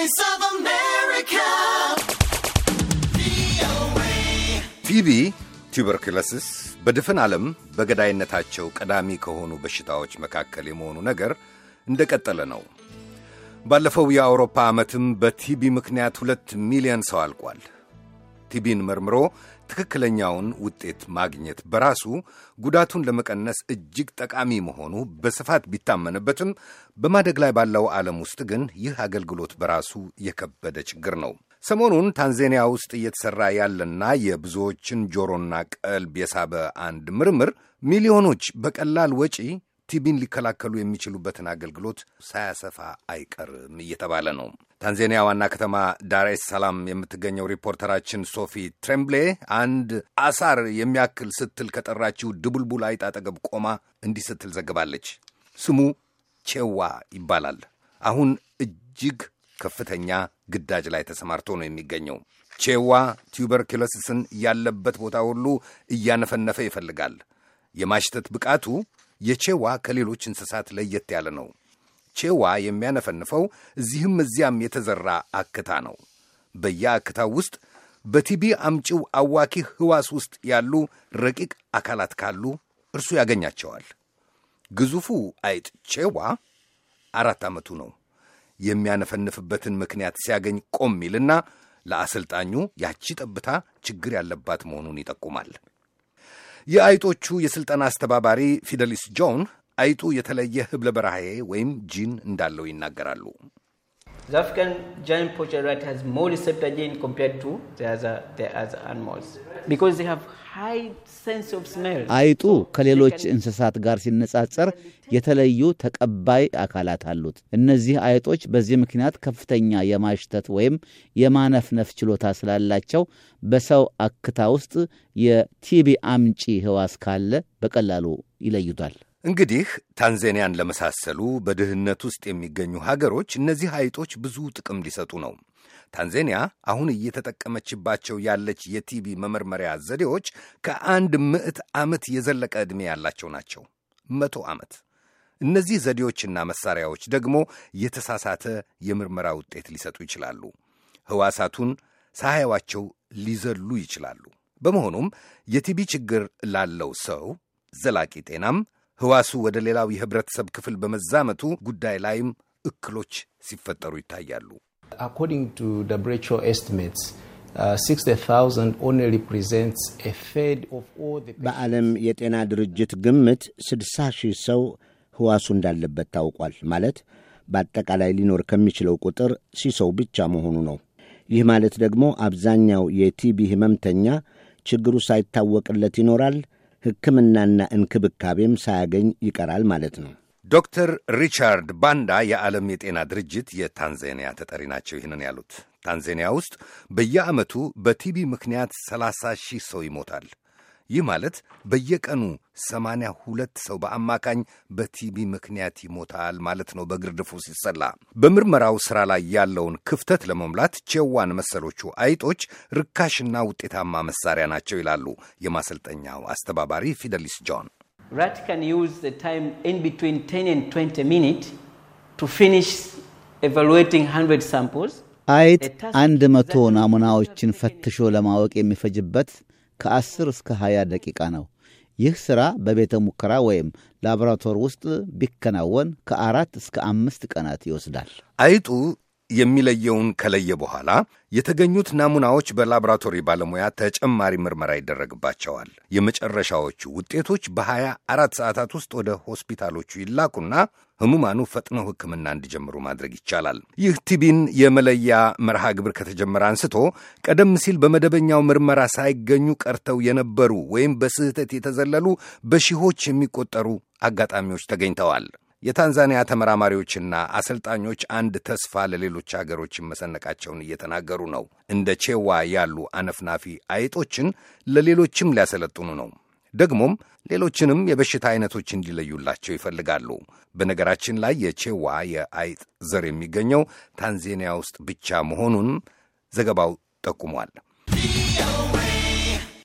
Voice of America. ቲቢ በድፍን ዓለም በገዳይነታቸው ቀዳሚ ከሆኑ በሽታዎች መካከል የመሆኑ ነገር እንደቀጠለ ነው። ባለፈው የአውሮፓ ዓመትም በቲቢ ምክንያት ሁለት ሚሊዮን ሰው አልቋል። ቲቢን መርምሮ ትክክለኛውን ውጤት ማግኘት በራሱ ጉዳቱን ለመቀነስ እጅግ ጠቃሚ መሆኑ በስፋት ቢታመንበትም በማደግ ላይ ባለው ዓለም ውስጥ ግን ይህ አገልግሎት በራሱ የከበደ ችግር ነው። ሰሞኑን ታንዛኒያ ውስጥ እየተሠራ ያለና የብዙዎችን ጆሮና ቀልብ የሳበ አንድ ምርምር ሚሊዮኖች በቀላል ወጪ ቲቢን ሊከላከሉ የሚችሉበትን አገልግሎት ሳያሰፋ አይቀርም እየተባለ ነው። ታንዛኒያ ዋና ከተማ ዳር ሰላም የምትገኘው ሪፖርተራችን ሶፊ ትሬምብሌ አንድ አሳር የሚያክል ስትል ከጠራችው ድቡልቡል አይጥ አጠገብ ቆማ እንዲህ ስትል ዘግባለች። ስሙ ቼዋ ይባላል። አሁን እጅግ ከፍተኛ ግዳጅ ላይ ተሰማርቶ ነው የሚገኘው። ቼዋ ቱበርኪሎሲስን ያለበት ቦታ ሁሉ እያነፈነፈ ይፈልጋል። የማሽተት ብቃቱ የቼዋ ከሌሎች እንስሳት ለየት ያለ ነው። ቼዋ የሚያነፈንፈው እዚህም እዚያም የተዘራ አክታ ነው። በየአክታው ውስጥ በቲቢ አምጪው አዋኪ ህዋስ ውስጥ ያሉ ረቂቅ አካላት ካሉ እርሱ ያገኛቸዋል። ግዙፉ አይጥ ቼዋ አራት ዓመቱ ነው። የሚያነፈንፍበትን ምክንያት ሲያገኝ ቆም ይልና ለአሰልጣኙ ያቺ ጠብታ ችግር ያለባት መሆኑን ይጠቁማል። የአይጦቹ የሥልጠና አስተባባሪ ፊደሊስ ጆን አይጡ የተለየ ህብለ በረሃዬ ወይም ጂን እንዳለው ይናገራሉ። The African giant poacher rat has more receptor gene compared to the other, the other animals because they have high sense of smell. አይጡ ከሌሎች እንስሳት ጋር ሲነጻጸር የተለዩ ተቀባይ አካላት አሉት። እነዚህ አይጦች በዚህ ምክንያት ከፍተኛ የማሽተት ወይም የማነፍነፍ ችሎታ ስላላቸው በሰው አክታ ውስጥ የቲቢ አምጪ ሕዋስ ካለ በቀላሉ ይለዩታል። እንግዲህ ታንዛኒያን ለመሳሰሉ በድህነት ውስጥ የሚገኙ ሀገሮች እነዚህ አይጦች ብዙ ጥቅም ሊሰጡ ነው። ታንዛኒያ አሁን እየተጠቀመችባቸው ያለች የቲቢ መመርመሪያ ዘዴዎች ከአንድ ምዕት ዓመት የዘለቀ ዕድሜ ያላቸው ናቸው። መቶ ዓመት። እነዚህ ዘዴዎችና መሳሪያዎች ደግሞ የተሳሳተ የምርመራ ውጤት ሊሰጡ ይችላሉ። ሕዋሳቱን ሳያዩዋቸው ሊዘሉ ይችላሉ። በመሆኑም የቲቢ ችግር ላለው ሰው ዘላቂ ጤናም ህዋሱ ወደ ሌላው የህብረተሰብ ክፍል በመዛመቱ ጉዳይ ላይም እክሎች ሲፈጠሩ ይታያሉ። uh, በዓለም የጤና ድርጅት ግምት 60 ሺህ ሰው ህዋሱ እንዳለበት ታውቋል። ማለት በአጠቃላይ ሊኖር ከሚችለው ቁጥር ሲሰው ብቻ መሆኑ ነው። ይህ ማለት ደግሞ አብዛኛው የቲቢ ህመምተኛ ችግሩ ሳይታወቅለት ይኖራል። ሕክምናና እንክብካቤም ሳያገኝ ይቀራል ማለት ነው። ዶክተር ሪቻርድ ባንዳ የዓለም የጤና ድርጅት የታንዛኒያ ተጠሪ ናቸው። ይህንን ያሉት ታንዛኒያ ውስጥ በየዓመቱ በቲቢ ምክንያት 30 ሺህ ሰው ይሞታል። ይህ ማለት በየቀኑ ሰማንያ ሁለት ሰው በአማካኝ በቲቢ ምክንያት ይሞታል ማለት ነው። በግርድፉ ሲሰላ በምርመራው ስራ ላይ ያለውን ክፍተት ለመሙላት ቼዋን መሰሎቹ አይጦች ርካሽና ውጤታማ መሳሪያ ናቸው ይላሉ የማሰልጠኛው አስተባባሪ ፊደሊስ ጆን። ራት ካን ዩዝ ዘ ታይም ኢን ቢትዊን ቴን ኤንድ ትዌንቲ ሚኒት ቱ ፊኒሽ ኤቫሉዌቲንግ ሳምፕልስ አይጥ አንድ መቶ ናሙናዎችን ፈትሾ ለማወቅ የሚፈጅበት ከ10 እስከ 20 ደቂቃ ነው። ይህ ሥራ በቤተ ሙከራ ወይም ላቦራቶር ውስጥ ቢከናወን ከአራት እስከ አምስት ቀናት ይወስዳል። አይጡ የሚለየውን ከለየ በኋላ የተገኙት ናሙናዎች በላቦራቶሪ ባለሙያ ተጨማሪ ምርመራ ይደረግባቸዋል። የመጨረሻዎቹ ውጤቶች በ24 ሰዓታት ውስጥ ወደ ሆስፒታሎቹ ይላኩና ህሙማኑ ፈጥነው ሕክምና እንዲጀምሩ ማድረግ ይቻላል። ይህ ቲቢን የመለያ መርሃ ግብር ከተጀመረ አንስቶ ቀደም ሲል በመደበኛው ምርመራ ሳይገኙ ቀርተው የነበሩ ወይም በስህተት የተዘለሉ በሺዎች የሚቆጠሩ አጋጣሚዎች ተገኝተዋል። የታንዛኒያ ተመራማሪዎችና አሰልጣኞች አንድ ተስፋ ለሌሎች አገሮችን መሰነቃቸውን እየተናገሩ ነው። እንደ ቼዋ ያሉ አነፍናፊ አይጦችን ለሌሎችም ሊያሰለጥኑ ነው። ደግሞም ሌሎችንም የበሽታ አይነቶች እንዲለዩላቸው ይፈልጋሉ። በነገራችን ላይ የቼዋ የአይጥ ዘር የሚገኘው ታንዛኒያ ውስጥ ብቻ መሆኑን ዘገባው ጠቁሟል።